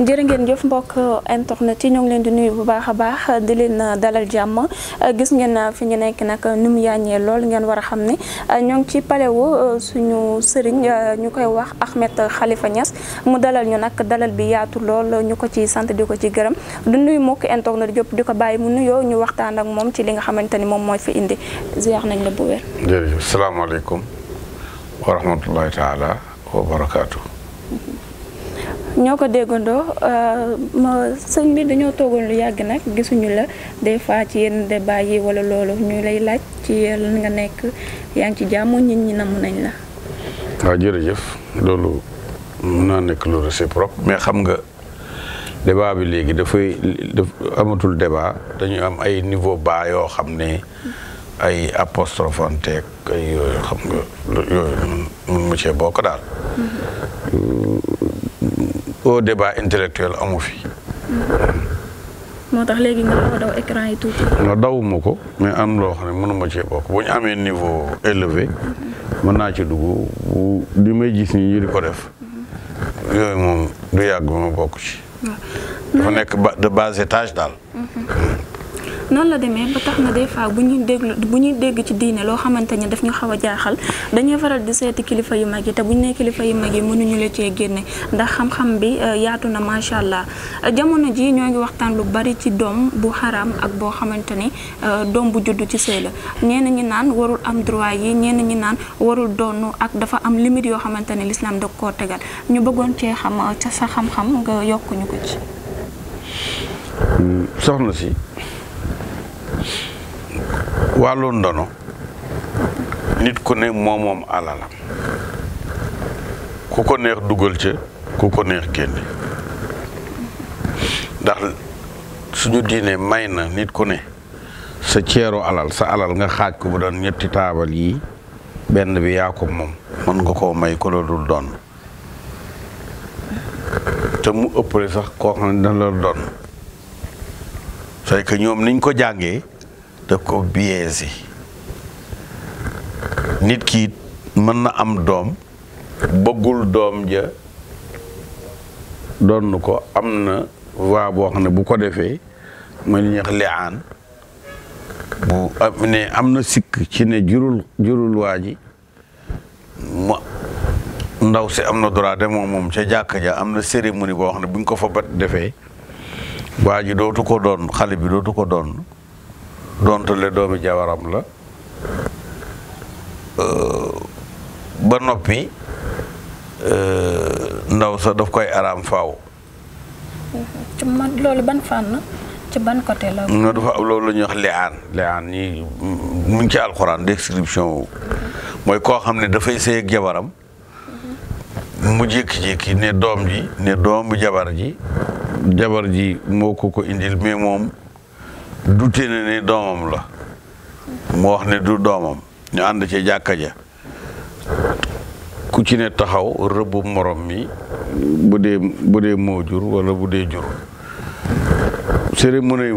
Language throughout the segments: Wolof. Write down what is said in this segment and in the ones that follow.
jërë ngeen jëf mbokk internet yi ñoo ngi leen di nuyu bu baax a baax di leen dalal jàmm gis ngeen fi ñu nekk nag ni mu yaañee lool ngeen war a xam ni ñoo ngi ci palais wu euh, suñu sëriñ euh, ñu koy wax Ahmed xalifa ñas mu dalal ñu nag dalal bi yaatu lool ñu ko ci sant di ko ci gërëm du nuyu mbokk internet yëpp di ko bàyyi mu nuyoo ñu waxtaan ak moom ci li nga xamante ni moom mooy fi indi ziar nañ la bu wér. ñoo ko déggandoo euh, ma sëñ bi dañoo toogoon lu yàgg nag gisuñu la des fois ci yenn débat yi wala loolu ñu lay laaj ci lan nga nekk yaa ngi ci jàmm nit ñi namm nañ la. waaw jërëjëf loolu mun naa nekk lu réciproque mais xam nga débat bi léegi dafay amatul débat dañuy am ay niveau baa yoo xam ne ay apostrophanteeg ay yooyu xam nga yooyu mun mu bokk daal. Mm-hmm. Euh, au débat intellectuel amu fi. moo tax léegi nga xaw a daw écran yi tuuti. non dawuma ko mais am loo xam ne mënuma cee bokk bu ñu amee niveau élevé mën naa ci dugg bu li may gis nii ñu di ko def yooyu moom du yàgg ma bokk ci. dafa nekk de bas étage daal. Mhm. noonu la demee ba tax na des fois bu ñuy déglu bu ñuy dégg ci diine loo xamante ne daf ñu xaw a jaaxal dañuy faral di seeti kilifa yu mag yi te bu ñu nee kilifa yu mag yi mënuñu la cee génne ndax xam-xam bi euh, yaatu na macha allah jamono ji ñoo ngi waxtaan lu bari ci doom bu xaraam ak boo xamante ni euh, doom bu juddu ci sëy la ñenn ñi naan warul am droit yi ñenn ñi naan warul doonu ak dafa am limite yoo xamante ne l'islam da koo tegal ñu bëggoon cee xam euh, ca sa xam-xam nga yokkuñu ko wàllu ndono nit ku ne moom alalam ku ko neex dugal ca ku ko neex génne ndax suñu diine may na nit ku ne sa ceeru alal sa alal nga xaaj ko bu doon ñetti taabal yi benn bi yaa ko moom mën nga koo may ko la dul doon te mu ëppale sax koo xam ne la doon c'est que ñoom niñ ko jàngee daf ko si nit kii mën na am doom bëggul doom ja doon ko am na waa boo xam ne bu ko defee ma ñax wax liaan bu am ne am na sikk ci ne jurul jurul waa ma ndaw si am na droit de moom moom ca jàkk ja am na cérémonie boo xam ne bu ñu ko fa ba defee waa ji dootu ko doon xale bi dootu ko doon doonte le doomi jabaram la ba noppi ndaw sax daf koy araam faw ci man loolu ban fànn ci ban côté la. non dafa loolu la ñuy wax liaan liaan ñi mu ngi ci alxuraan description wu mooy koo xam ne dafay sëy ak jabaram mhm. mu jékki-jékki ne doom ji ne doomu jabar ji jabar ji moo ko ko indil mais moom dute na ne doomam la moo wax ne du doomam ñu ànd ci jàkka ja ku ci ne taxaw rëbb morom mi bu dee moo jur wala bu dee jur cérémonie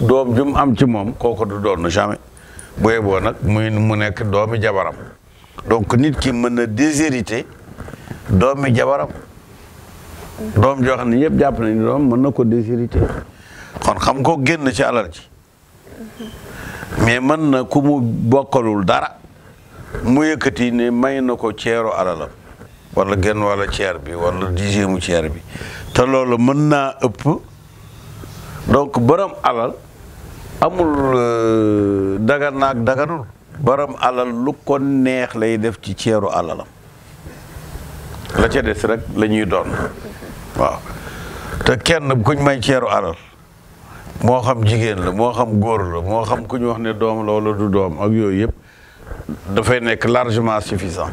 doom ju am ci moom kooku du doon jamais bu yeboo nag muy mu nekk doomi jabaram donc nit ki mën na déshériter doomi jabaram doom joo xam ne ñëpp jàpp nañu doom mën na ko déshérité kon xam ko génn ci alal ji mais mën na ku bokkalul dara mu yëkkati ne may na ko ceeru alalam walla genn wala ceer bi wala dixième ceer bi te loolu mën naa ëpp donc borom alal amul euh, dagan daganul borom alal lu ko neex lay def ci ceeru alalam la ca des la ñuy doon waaw te kenn kuñ may ceeru alal moo xam jigéen la moo xam góor la moo xam ku ñu wax ne doom la wala du doom ak yooyu yëpp dafay nekk largement suffisant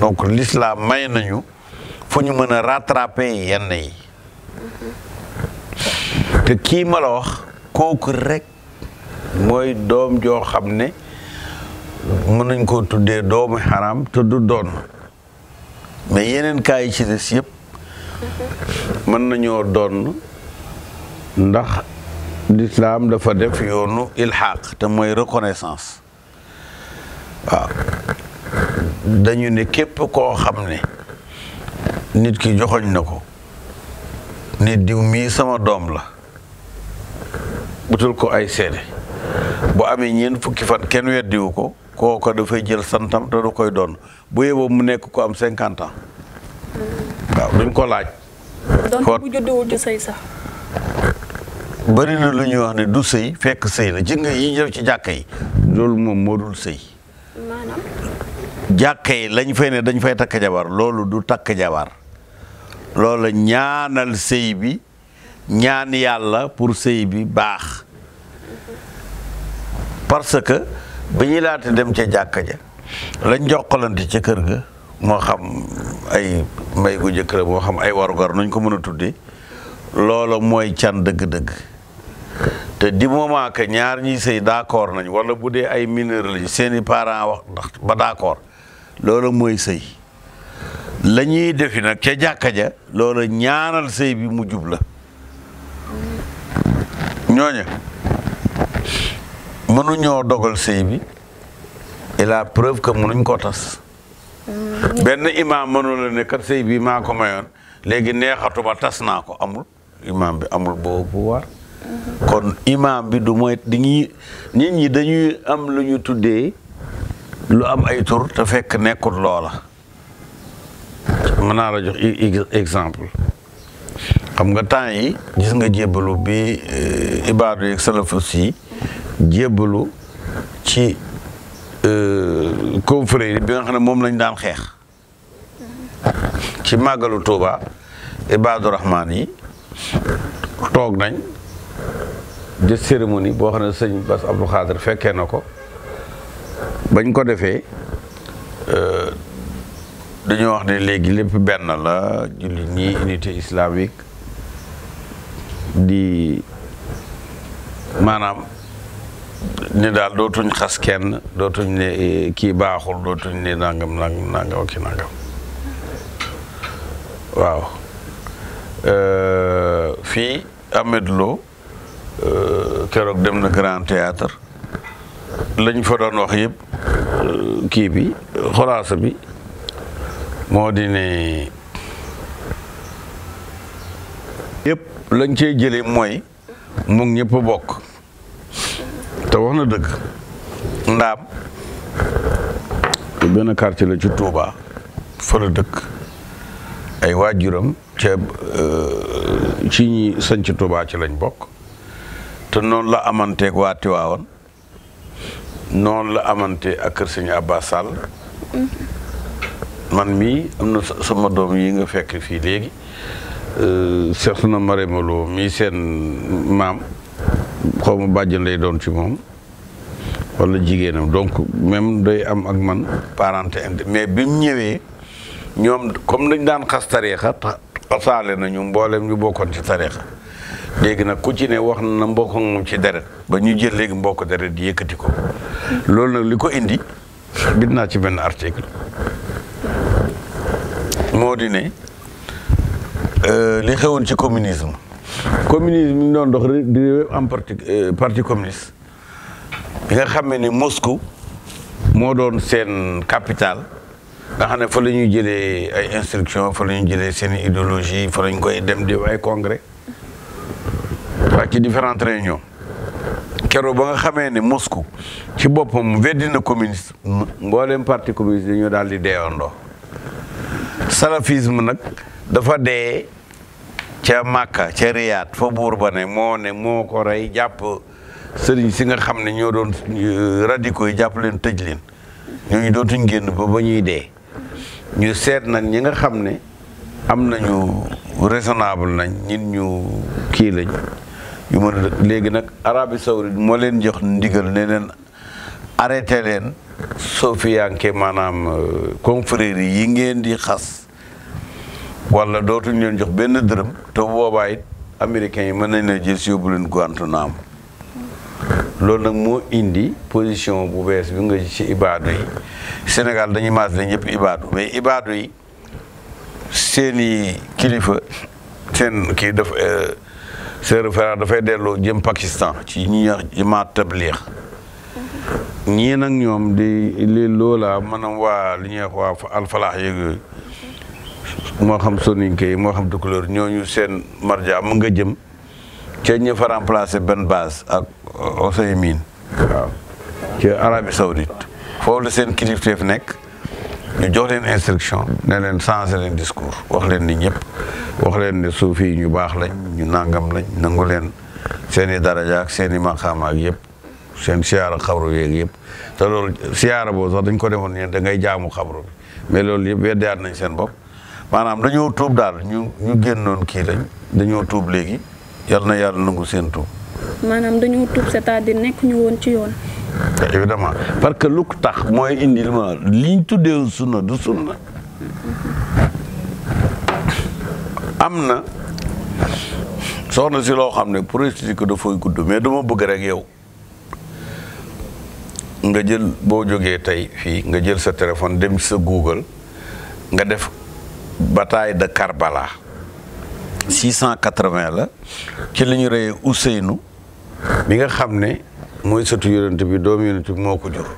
donc l'islam may nañu fu ñu mën a rattraper yenn yi te kii ma la wax kooku rek mooy doom joo xam ne mën nañ ko tuddee doomu xaraam te du doon mais yeneen kaa yi ci des yëpp mën nañoo doon ndax lislaam dafa def yoonu ilxaaq te mooy reconnaissance waaw dañu ne képp koo xam ne nit ki joxoñ na ko ne diw mii sama doom la butul ko ay seede bu amee ñeent fukki fan kenn weddiwu ko kooka dafay jël santam te du koy donn bu yeboo mu nekk ko am cinquante ans waaw duñ ko laaj. donc bu judduwul wax ne du sëy fekk sëy la ci nga yi ñëw ci jàkka yi loolu moom moo dul sëy. jàkka yi lañ fay ne dañ fay takk jabar loolu du takk jabar loolu ñaanal sëy bi ñaan yàlla pour sëy bi baax parce que bi ñu laata dem ca jàkk ja lañ jokkalante ca kër ga. moo xam ay may gu njëkk la moo xam ay warugar nuñ ko mën a tudde loola mooy can dëgg-dëgg te di moment que ñaar ñiy sëy d'accord nañ wala bu dee ay mineur lañ seeni parents wax ndax ba d'accord loola mooy sëy lañuy ñuy defi nag ca jàkka ja loola ñaanal sëy bi mu jubla la ñooña mënuñoo dogal sëy bi et la preuve que mënuñ koo tas benn imaam mënul ne kat sëy bii maa ko mayoon léegi neexatuma tas naa ko amul imaam bi amul boobu pouvoir kon imaam bi du mooy dañuy nit ñi dañuy am lu ñu tuddee lu am ay tur te fekk nekkul loola mën naa la jox exemple xam nga temps yi gis nga jébbalu bi euh, ibaadu yeeg salafus yi jébbalu ci Euh, confrérie bi nga xam ne moom lañ daan xeex ci màggalu Touba Ibadu Rahman yi toog nañ jë cérémonie boo xam ne sëñ Bass Abdou Khader fekkee na ko bañ ko defee euh, dañoo wax ne léegi lépp benn la jullit ñi unité islamique di maanaam ni daal dootuñ xas kenn dootuñ ne eh, kii baaxul dootuñ ne nangam nangam nangam ki nangam waaw euh, fii Ahmed loo euh, keroog dem na Grand Théâtre lañ fa doon wax yëpp euh, kii bi xolaasa bi moo di ne lañ cey jëlee mooy mu ngi bokk te wax na dëgg ndaam benn quartier la ci Touba fa la dëkk ay waajuram ceeb euh, ci ñi sañ ci Touba ci lañ bokk te noonu la amanteeg waa Tiwaawan noonu la amante ak kër sëñ Abba man mii am na sama doom yi nga fekk fii léegi euh, Seex na Marème Lo mii seen maam xaw ma bàjjan lay doon ci moom wala jigéenam donc même day am ak man parenté indi mais bi mu ñëwee ñoom comme dañ daan xas tariixa xasaale nañu mboolem ñu bokkoon ci tariixa léegi nag ku ci ne wax na mbokk ci deret ba ñu jël léegi mbokk deret di yëkkati ko loolu nag li ko indi bind naa ci benn article moo di ne euh, li xewoon ci communisme communisme mi doon dox di am parti euh, parti communiste bi nga xam ni Moscou moo doon seen capital nga xam ne fa la ñuy jëlee ay instruction fa la ñuy jëlee seen idéologie fa lañ koy dem di ay congrès waa ci différentes réunions keroog ba nga xamee ne Moscou ci boppam weddi na communiste mbooleem parti communiste dañoo daal di deewandoo salafisme nag dafa dee ca Makka ca Riyad fa buur ba ne moo ne moo ko rey jàpp sëriñ si nga xam ne ñoo doon euh, radicaux yi jàpp leen tëj leen ñooñu dootuñ génn ba ba ñuy dee ñu seet na ñi nga xam ne am nañu raisonnable nañ ñin ñu kii lañ yu mën a dëkk léegi nag Arabie Saoudite moo leen jox ndigal ne leen arrêté leen soo fi yànkee maanaam euh, confrérie yi ngeen di xas wala dootuñ leen jox benn dërëm te boobaa it yi mën nañ la jël si yóbbu leen Guantanamo loolu nag moo indi position bu bees bi nga ci ibaadu yi Sénégal dañuy maas la ñëpp ibaadu mais ibaadu yi seeni kilifa seen kii daf euh, seen référent dafay delloo jëm Pakistan ci ñi wax jamaat tabliix ñii nag ñoom di li loola maanaam waa li ñuy wax waa alfalaax yeeg moo xam soninke yi moo xam tukulóor ñooñu seen marja ma nga jëm ca ña fa remplacer benn base ak Ousseymine waaw ci Arabie Saoudite foofu la seen kilifteef nekk ñu jox leen instruction ne leen changé leen discours wax leen ni ñëpp wax leen ne suufi yi ñu baax lañ ñu nangam lañ nangu leen seen i daraja ak seen ak yëpp seen siyaara xabru yeeg yëpp te loolu siyaara boobu sax dañ ko defoon ne da ngay jaamu xabru bi mais loolu yëpp weddaat nañ seen bopp maanaam dañoo tuub daal ñu ñu génnoon kii lañ dañoo tuub léegi yal na yàlla nangu seen tuub. maanaam dañoo tuub cest à nekk ñu woon ci yoon. évidemment parce que lu tax mooy indi li ma liñ tuddee sunna du sunna am na soxna si loo xam ne pour expliquer ko dafay gudd mais dama bëgg rek yow nga jël boo jógee tey fii nga jël sa téléphone dem sa Google nga def. bataille de Karbala 680 la ci li ñu reyee Ousseynou mi nga xam ne mooy satu yonent bi doomu yonent bi moo ko jur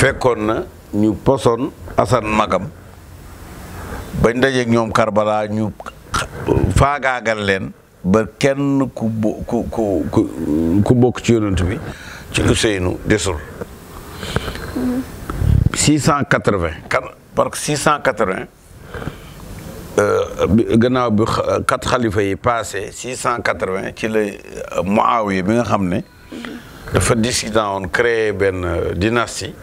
fekkoon na ñu posoon Assane magam bañ dajeeg ñoom Karbala ñu faagaagal leen ba kenn ku ku ku ku bokk ci yonent bi ci Ousseynou desul 680 kan parce quatre 680 Euh, gannaaw bi quatre xalifa yi passé six cent quatre-vingt ci la euh, Muawiya bi nga xam ne dafa dissident woon créer benn euh, dynastie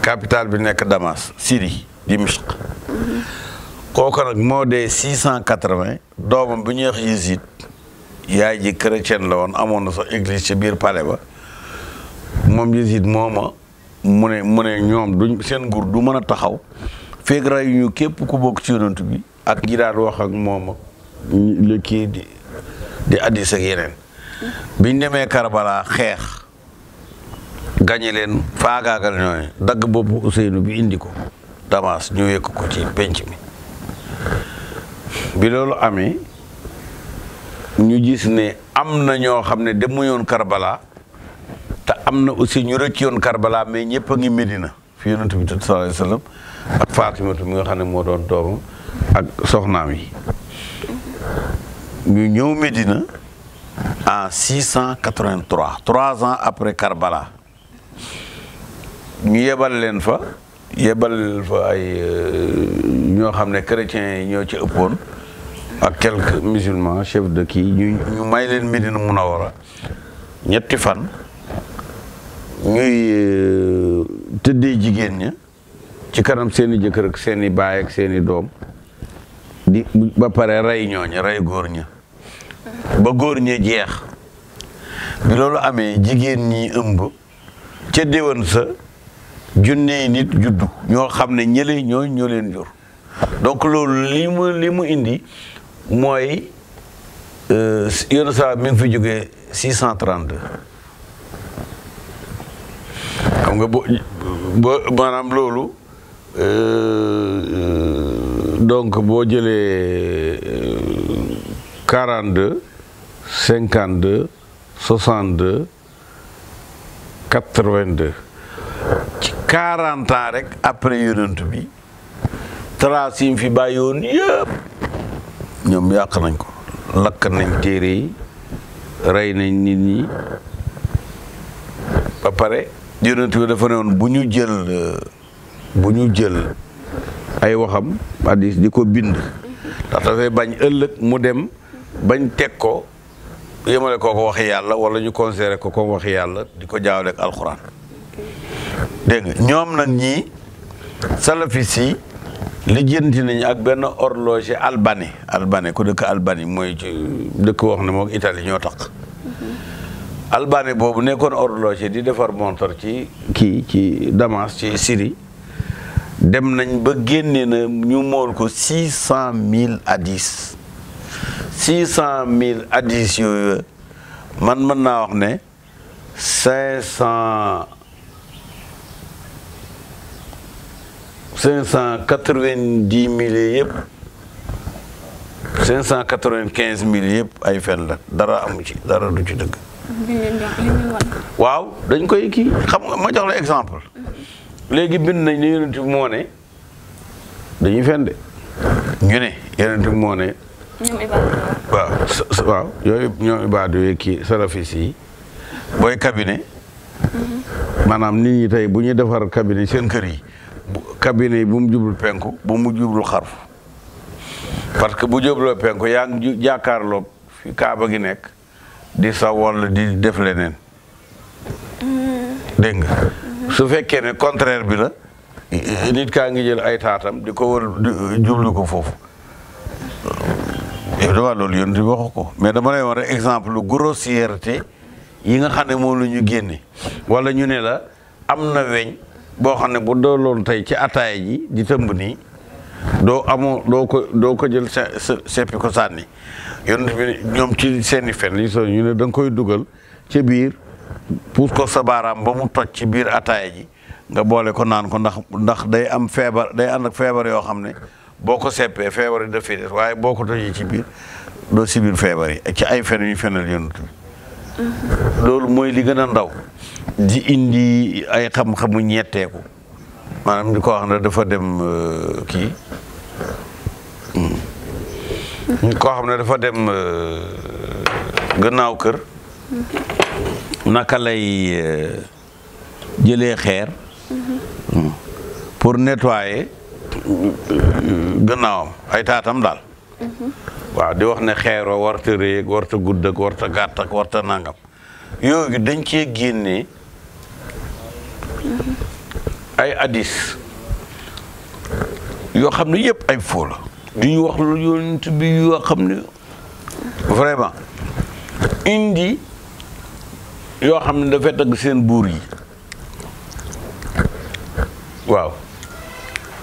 capital bi nekk Damas Syrie Dimashq kooku nag moo dee six cent quatre-vingt doomam bi ñuy wax Yazid yaay ji chrétienne la woon amoon na sax église ci biir palais ba moom Yazid mooma mu ne mu ñoom duñ seen nguur du mën a taxaw feeg ray ñu ku bokk ci yonent bi ak ñi daan wax ak moom li kii di di addis ak yeneen biñ demee karbalaa xeex gañe leen faagaagal ñooy dagg boppu Ousseynou bi indi ko Damas ñu yëkk ko ci penc mi bi loolu amee ñu gis ne am na ñoo xam ne demu yoon Karbala te am na aussi ñu rëcc yoon Karbala mais ñëpp a ngi Medina fi yonent bi sallallahu alayhi ak Fatimatu mi nga xam ne moo doon doomam ak soxnaam yi ñu ñëw Medina en 683 trois ans après Karbala ñu yebal leen fa yebal fa ay euh, ñoo xam ne chrétiens yi ñoo ci ëppoon ak quelques musulmans chef de kii ñu ñu may leen Medina Munawara ñetti fan ñuy euh, tëddee jigéen ña ci kanam seeni jëkkër ak seeni baay seeni doom di ba pare rey ñooñu rey góor ña ba góor ña jeex bi loolu amee jigéen ñi ëmb ca déwén sa junne nit juddu ñoo xam ne ñële ñoo ñoo leen jur donc loolu li mu indi mooy euh, yoonu saa mi ngi fi jógee six cent trente-deux xam nga loolu euh, donc boo jëlee euh, quarante deux cinquante deux soixante deux quatre vingt deux ci quarante rek après yonent bi trace yi fi bàyyi woon yëpp ñoom yàq nañ ko lakk nañ téere yi rey nañ nit ñi ba pare yonent bi dafa ne woon bu ñu jël euh, bu ñu jël ay waxam hadis di ko bind ndax dafay bañ ëllëg mu dem bañ teg ko yemale koo ko waxi yàlla wala ñu considéré ko comme waxi yàlla di ko jaawale ak alxuraan dégg ñoom nag ñii salafis yi lijjanti nañu ak benn horloger albani albani ku dëkk albani mooy ci dëkk wax ne moog Italie ñoo tax albani boobu nekkoon horloger di defar montre ci kii ci Damas ci Syrie dem nañ ba génne na ñu mool ko six cent mille hadis six cent mille hadis yooyu man man naa wax ne cinq cent cinq quatre-vingt-dix mille yëpp cinq cent quatre-vingt-quinze mille yëpp ay fen la dara amu ci dara du ci dëgg waaw dañ koy kii xam nga ma jox la exemple léegi bind nañ ne yonent bi moo dañuy fen de ñu ne yonent bi waaw waaw yooyu ñoom yooyu kii salafis yi booy cabinet mm-hmm. maanaam nit ñi tey bu ñuy defar cabinet seen kër yi cabinet yi bu mu jublu penku bu mu jublu xarfu parce que bu jubloo penku yaa ngi jàkkaarloo fi kaaba gi nekk di saw walla di def leneen mm-hmm. dégg nga su fekkee ne contraire bi la nit kaa ngi jël ay taatam di ko wër jublu ko foofu yow eh, dawaa loolu yéen di waxu ko mais dama lay war rek exemple grossièreté yi nga xam ne moom la ñu génne wala ñu ne la am na weñ boo xam ne bu doo dooloon tey ci ataaya ji di tëmb nii doo amoo doo ko doo ko jël seppi ko sànni yonent bi ñoom ci seeni fen yi so ñu ne da koy dugal ci biir puus ko sa baaraam ba mu toj ci biir ataaya ji nga boole ko naan ko ndax ndax day am feebar day ànd ak feebar yoo xam ne boo ko seppee feebar yi daf waaye boo ko tojee ci biir doo si feebar yi ci ay fen yu fenal yonent bi mm-hmm. loolu mooy li gën a ndaw di indi ay xam-xamu ñetteeku maanaam di ko wax ne dafa dem euh, kii mm-hmm. koo xam ne dafa dem euh, gannaaw kër mm-hmm. naka lay euh, jëlee xeer mm-hmm. pour nettoyer euh, gannaawam ay taatam daal mm-hmm. waa di wax ne xeer wa warta réeg warta gudd ak warta gàtt warta nangam yooyu dañ cee génnee mm-hmm. ay hadis yoo xam ne yëpp ay foo la du ñu wax lu yonent bi yoo xam ne vraiment indi yoo xam ne dafay tagg seen buur yi waaw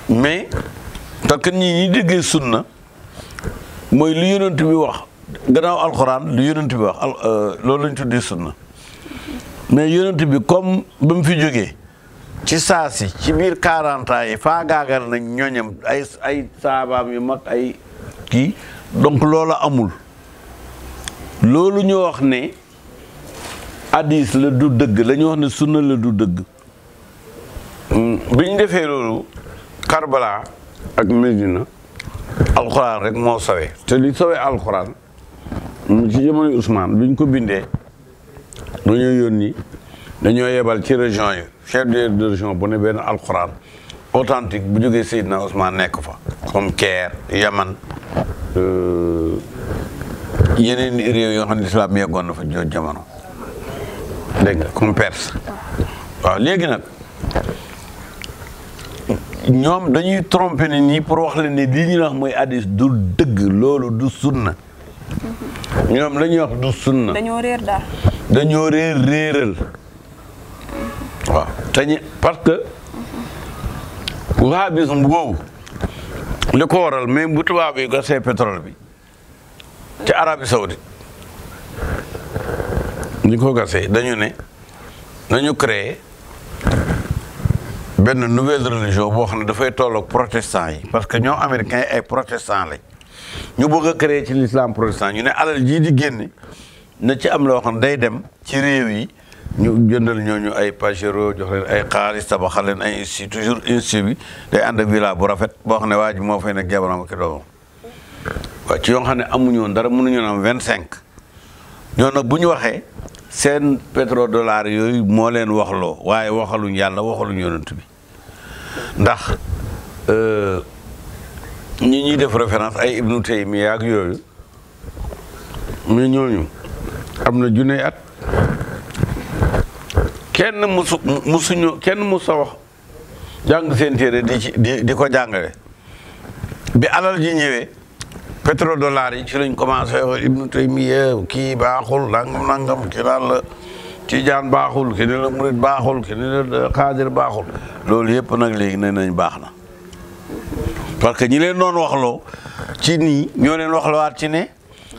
mais parce que ñi ñuy déggee sunna mooy lu yonent bi wax gannaaw alxuraan lu yonent bi wax euh, loolu lañ tuddee sunna mais yonent bi comme ba mu fi jógee ci saa si ci biir quarante yi faa gaagal nañ ñooñam ay ay saabaam yu mag ay kii donc loola amul loolu ñu wax ne hadis la du dëgg la ñu ne sunna la du dëgg mm, bi defee loolu Karbala ak Medina alxuraan rek moo sawee te li sawee alxuraan mu ci jamono Ousmane bi ko bindee dañoo yónni dañoo yebal ci région yi chef de région bu ne benn alxuraan authentique bu jógee Seydina Ousmane nekk fa comme Caire Yaman euh, yeneen réew yoo xam ne islam yeggoon na fa jooju jamono dégg nga comme waaw léegi nag ñoom dañuy tromper ne nii pour wax la ni lii ñuy wax mooy hadis du dëgg loolu du sunna ñoom la ñuy wax du sunna dañoo réer daal dañoo réer réeral waaw te parce que wahhabisme boobu li ko waral même bu tubaab yi gasee bi ci arabi Saoudite ñu ko gasee dañu ne nañu créer benn nouvelle religion boo xam ne dafay tollook protestant yi parce que ñoo américains ay protestant lañ ñu bëgg a créer ci l'islam protestant ñu ne alal jii di génne na ci am loo xam ne day dem ci réew yi ñu jëndal ñu ay pajero jox leen ay xaalis tabaxal leen ay institut toujours institut bi day ànd ak villa bu rafet boo xam ne waa ji moo fay nekk jabaram ak doomam waaw ci yoo xam ne amuñu woon dara mënuñu am vingt cinq ñoo nag bu ñu waxee seen petro pétrodollar yooyu moo leen waxloo waaye waxaluñ yàlla waxaluñ yonent bi ndax euh, ñi ñuy def référence ay ibnu taymiya ak yooyu mais ñooñu am na junne at kenn musu musuñu kenn musa wax jàng seen téere di ci di ko jàngale bi alal ji ñëwee pétrodollar yi ci lañ commencé wax Ibnu Taymiya kii baaxul nangam nangam ki naan la Tijaan baaxul ki ne la Murit baaxul ki ne la Xaadir baaxul loolu yëpp nag léegi ne nañ baax na parce que ñi leen doon waxloo ci nii ñoo leen waxlawaat ci ne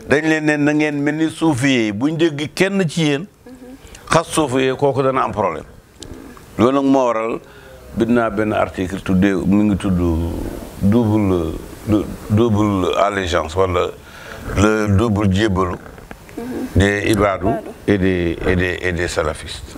dañ leen ne na ngeen mel ni suufiyee buñ dégg kenn ci yéen xas suufiyee kooku dana am problème loolu nag moo waral bind naa benn article tuddee mu ngi tudd double allégeance wala le double jébbalu mm-hmm. des ibadu et des et des et des salafistes